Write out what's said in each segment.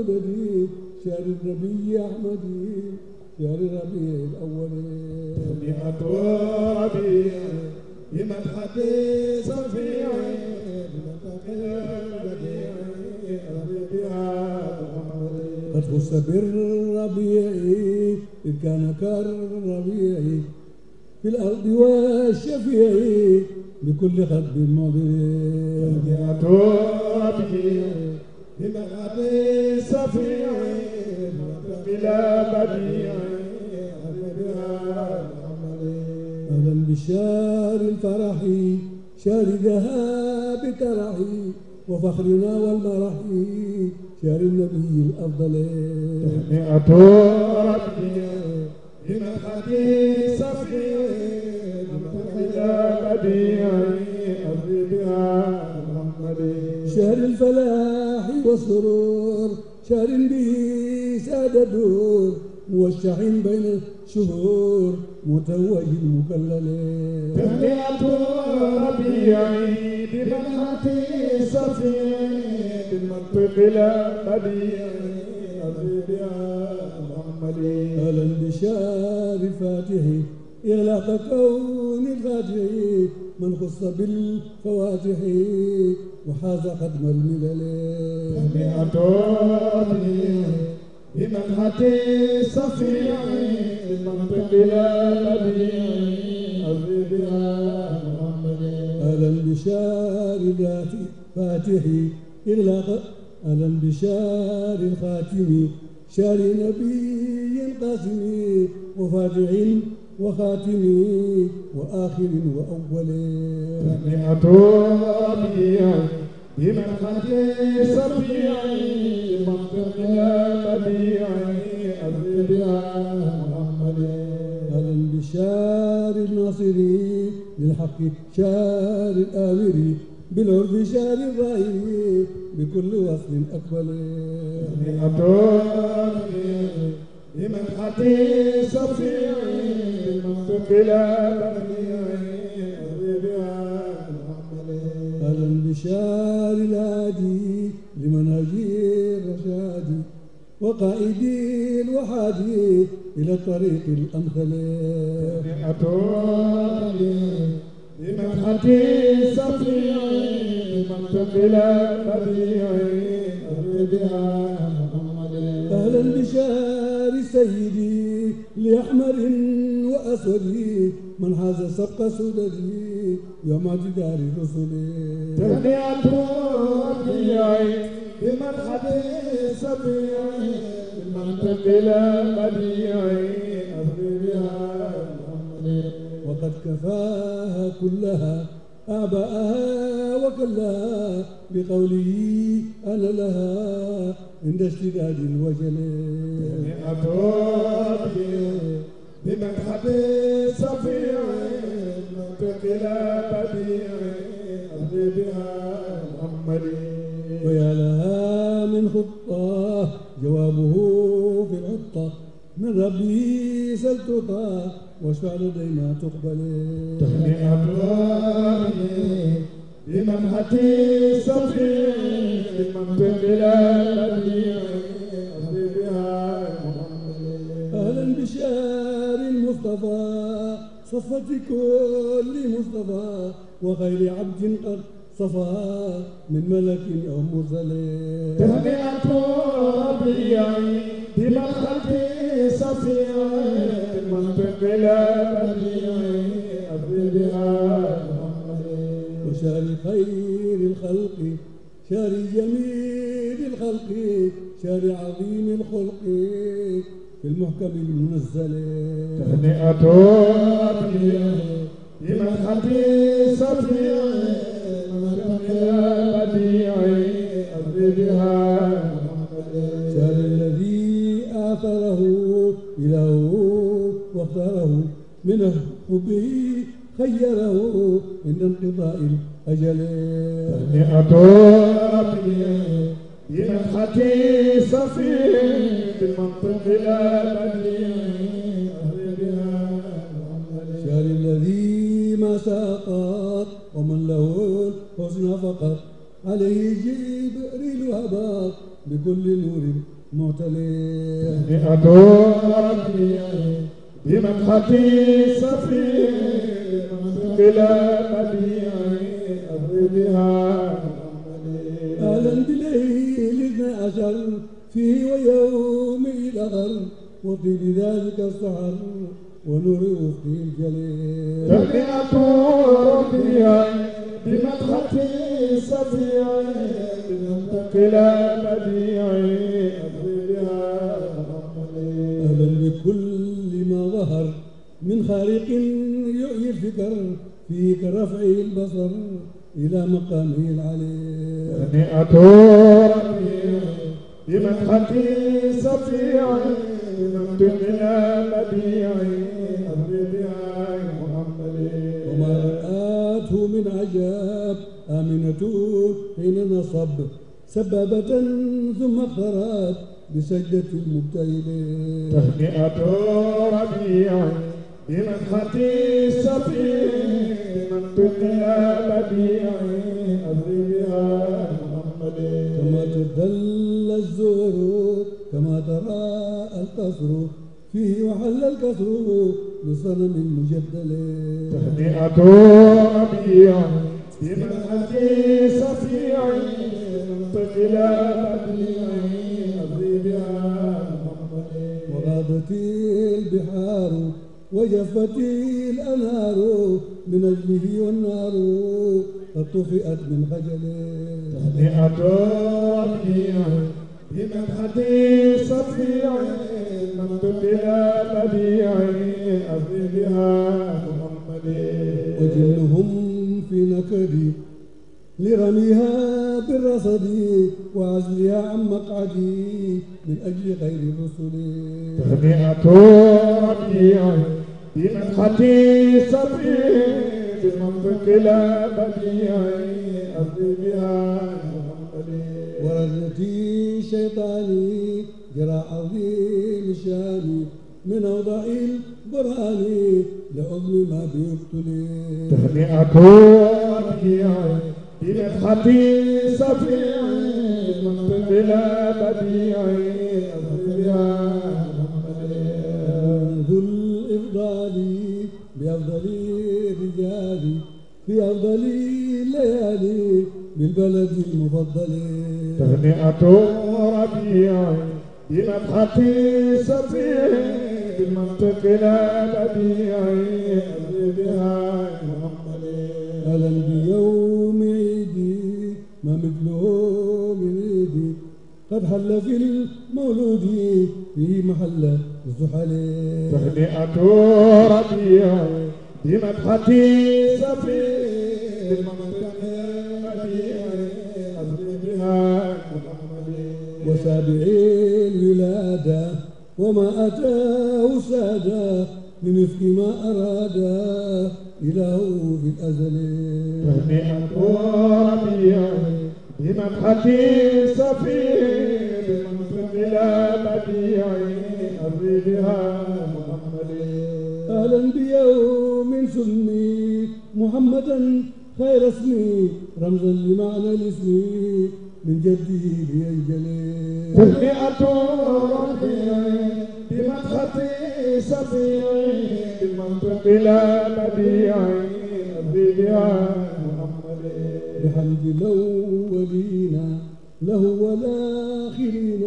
بديل شعر النبي أحمدي شعر ربيع الأولين بأبوابي بمدحة صفيع قد خص بالربيع إن كان كالربيع في الأرض والشفيع بكل خد مضيع بأبوابي بمدحة بلا بديع أهلا بشار الفرح شار ذهاب ترحي وفخرنا والمرحي شار النبي الأفضل تهنئة ربي بنفخته صفي بلا بديع أرضي بها محمد شهر الفلاح والسرور شهر به ساد الدور موشح بين الشهور متوج مكلل تهنئة ربيعي بمنحة صفي بالمنطق لا بديع أبي بها محمد أهلا بشار فاتحي يا لاف كون الفاتح من خص بالفواتح وحاز قدم الملل فبأتوني بمنحة من المنطق يا نبي أبيها محمد أهلا بشار فاتح إغلاق أهلا بشار الخاتم شار نبي قاسم وفاتح وخاتمي وآخر وأول سمعت ربيا بديعي بشار الناصري للحق شار الآمري بالعرض شار الرأي بكل وصل من أطول ربيا حتي صفيعي بلا البشار الهادي لمنهجي الرشاد وقائدي الوحادي إلى الطريق الأمثل بمنحه سفيعي منطق لا بديعي بها أهلا بشار سيدي لأحمر وأسود من هذا سبق سددي يا جدار رسلي تهنئة ربي بمرحب سبي بالمنطق لا بديع أصبرها وقد كفاها كلها أعباءها وكلها بقوله أنا لها عند اشتداد الوجل أبوابي بمدحب صفير منطق لا بديع أرضي بها محمدي ويا لها من خطة جوابه في العطة من ربي سلتقى واشفع لدينا تقبل تهنئ أبوابي لمن هتي صفي لمن ببلادي حبيبها اهلا بشار المصطفى صفة كل مصطفى وغير عبد قد صفى من ملك او مرسل تهنئة ربي بمن هتي صفي لمن ببلادي شاري خير الخلق شاري جميل الخلق شاري عظيم الخلق في المحكم المنزل تهنئة سقط ومن له الحسنى فقط عليه جبريل هبط بكل نور معتلي مئة ربيعي بمدحتي سفير إلى بديعي أبردها أهلا اثنى أجل فيه ويوم الأغر وفي ذلك السحر ونور رزقه الجليل تلبئة ربي بمدخة سبيع لننتقل بديعي أهلا بكل ما ظهر من خالق يؤيي الفكر فيك رفع البصر إلى مقامه العلي تهنئة ربي بمدحة سفيع بمنطق لا بديع الرب سبابة ثم اخترت بسجدة المبتهلة تهنئة ربيع بمنحة بمن تقيا بديع أذربها محمد كما تدل الزهر كما ترى القصر فيه وحل الكسر بصنم مجدل تهنئة ربيع بمنحة سفيع وغابت البحار وجفت الأنهار من أجله والنار قد طفئت من خجله تهنئة ربيع بمدحة صفيع ممدد إلى بديع أفضي بها محمد وجلهم في نكد لرميها بالرصد يا عن مقعدي من أجل غير رسلي تهنئة ربي بمدحتي صبري في المنطق لا بديعي ارضي بها ورزتي شيطاني جرى عظيم شاني من أوضاع البرهان لأظلم ما بيقتلي تهنئة ربيعي إلى الحديث في بلا بديع ذو الإفضال بأفضل رجالي بأفضل ليالي بالبلد المفضل تهنئة ربيع بمدحة سفيه بالمنطق لا بديع بها أهلا قد هل في المولود في محل الزحل تهنئة ربيع بمدحة سفي وسابع الولادة وما أتاه سادة بمثل ما أراد إله في الأزل تهنئة ربيع بمنحتي سفير بمنصب بلا بديع أبي بها محمد أهلا بيوم سمي محمدا خير اسمي رمزا لمعنى الاسم من جدي بأنجلي تلمئة ربي بمدحتي سفير بمنصب بلا بديع أبي بها الحمد الأولين له والآخرين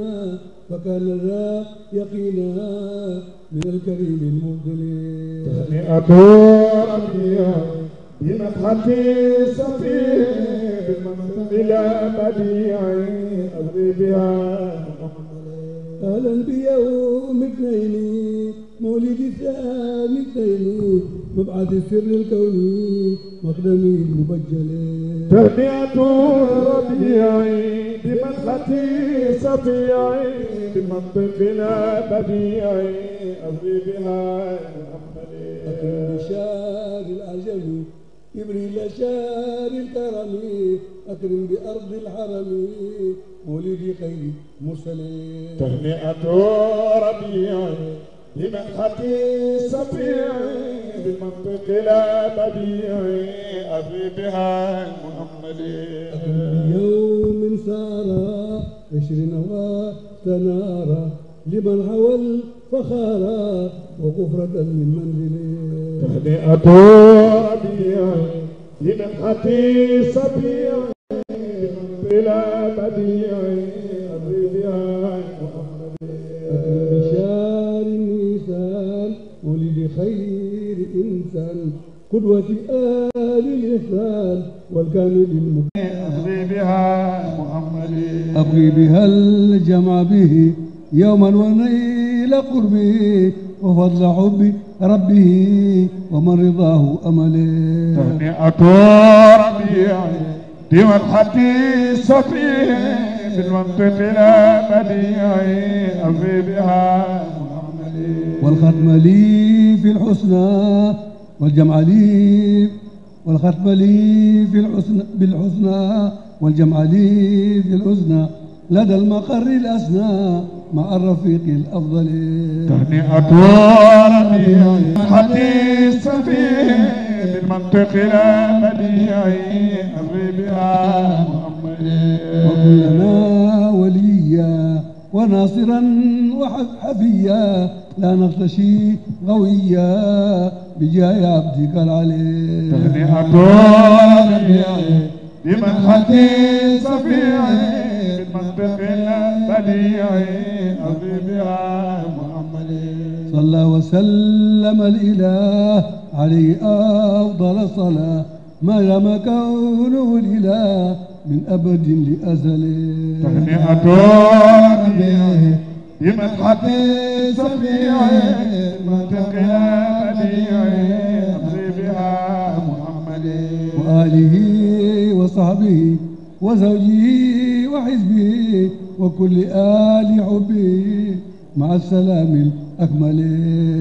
فكان ذا يقينا من الكريم المبدلين تهنئة الأنبياء بمدحة سفيه بلا إلى بديع أبي بها أهلا بيوم اثنين مولد الثاني اثنين مبعث السر الكوني مقدمي المبجل تهنئة ربيعي بمدخلتي صفيعي بمنطقنا بديعي أبغي بها أكرم بشار الأجل إبريل شار الكرم أكرم بأرض الحرم ولدي خير مرسلين تهنئة ربيعي لمن حكي سبيعي بمنطق لا بديعي أبي بها محمدي يوم سارة عشرين وتنارة لمن هوى الفخارة وغفرة لمن لي تهنئة ربيعي لمن حكي سبيعي بمنطق لا آل الإحسان والكامل المكان أبغي بها محمد أبغي بها الجمع به يوما ونيل قربه وفضل حب ربه ومن رضاه أمله تهنئة ربيع ديوى الحديث فيه بالمنطق لا بديع أبغي بها محمد والختم لي في الحسنى والجمع لي والختم لي بالحسنى بالحسنى والجمع لي في الحسنى لدى المقر الأسنى مع الرفيق الأفضل تهنئة وربيع حديث سفيه من منطق البديع الربيع لنا وليا وناصرا وحفيا لا نغتشي غويا بجاي عبدك العليم تهنئة بمنحة سفيعي بالمنطق البديعي يا محمد صلى وسلم الإله عليه أفضل صلاة ما لم كونه الإله من أبد لأزل تهنئة بمنحة سفيعي منطق وآله وصحبه وزوجه وحزبه وكل آل حبه مع السلام الأكمل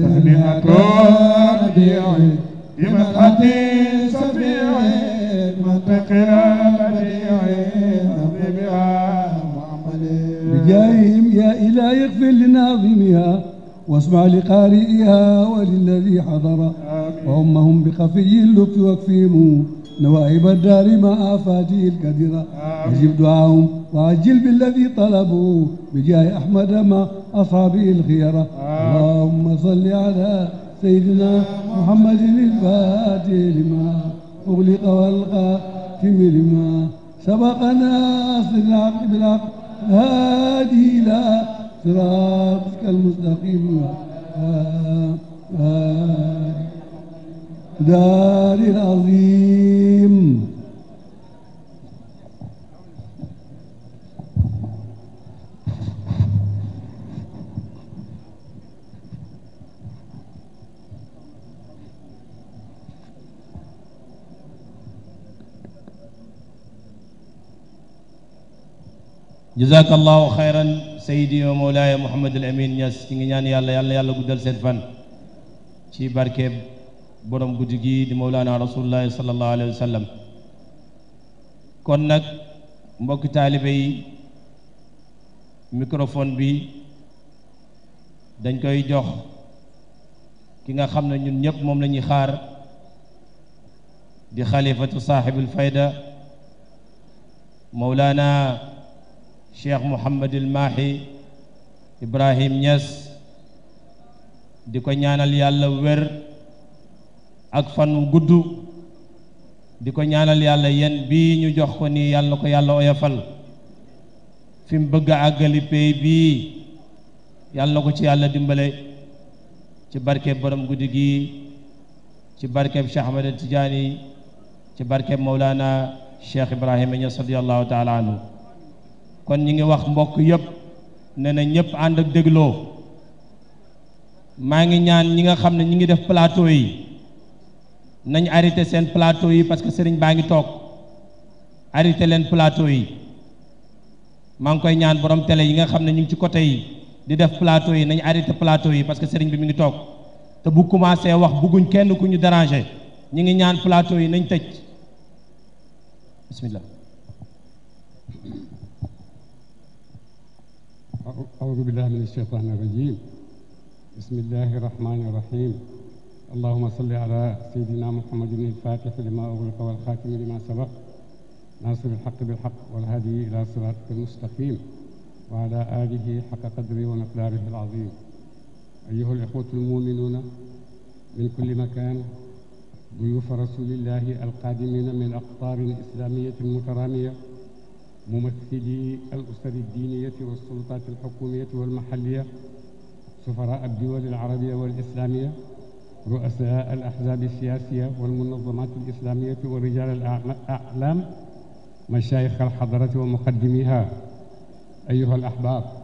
تهنئة ربيعي بمدحة سبيعي منتقيا بديعي حبيبها محمد بجاههم يا إله اغفر لناظمها واسمع لقارئها وللذي حضر وأمهم بخفي اللطف واكفهم نوائب الدار مع آفاته الكدرة أجب دعاهم وأجل بالذي طلبوا بجاه أحمد مع أصحابه الخير اللهم صل على سيدنا محمد الفاتح لما أغلق والخاتم لما سبقنا بالعقل بالعقل هادي لا صراطك المستقيم دار العظيم جزاك الله خيرا Seydi wa Mawlaaya Mouhamadul Amin Niass ci ngi ñaan yàlla yàlla yàlla guddal seen fan ci barkeeb borom guddi gi di Mawlaana Rasulullaahi sallallaahu alayhi wa sallam kon nag mbokki taalibe yi bi dañ koy jox ki nga xam ne ñun ñëpp moom la ñuy xaar di xalifatu saaxibul fayda Mawlaana Syekh Muhammadil Mahi Ibrahim Nyes, di ñaanal yalla wër ak fan wu guddu di ñaanal yalla yen bi ñu jox ko ni yalla ko yalla oyofal fi mu bëgg agali pey bi yalla ko ci yalla dimbale ci barké borom guddi gi ci barké Cheikh Ahmed Tidiane ci barké Mawlana Cheikh Ibrahim Nyes radiyallahu taala anhu kon ñi ngi wax mbokk yëpp ne na ñëpp ànd ak dégloo maa ngi ñaan ñi nga xam ne ñi ngi def plateau yi nañ arrêté seen plateau yi parce que sëriñ baa ngi arrêté leen plateau yi maa ngi koy ñaan borom télé yi nga xam ne ñu ngi ci côté yi di def plateau yi nañ arrêté plateau yi parce que sëriñ bi mi ngi toog te bu commencé wax bëgguñ kenn ku ñu déranger ñi ngi ñaan plateau yi nañ tëj bismillah أعوذ بالله من الشيطان الرجيم بسم الله الرحمن الرحيم اللهم صل على سيدنا محمد الفاتح لما أغلق والخاتم لما سبق ناصر الحق بالحق والهدي إلى صراطك المستقيم وعلى آله حق قدره ومقداره العظيم أيها الإخوة المؤمنون من كل مكان ضيوف رسول الله القادمين من أقطار إسلامية مترامية ممثلي الأسر الدينية والسلطات الحكومية والمحلية سفراء الدول العربية والإسلامية رؤساء الأحزاب السياسية والمنظمات الإسلامية ورجال الأعلام مشايخ الحضرة ومقدميها أيها الأحباب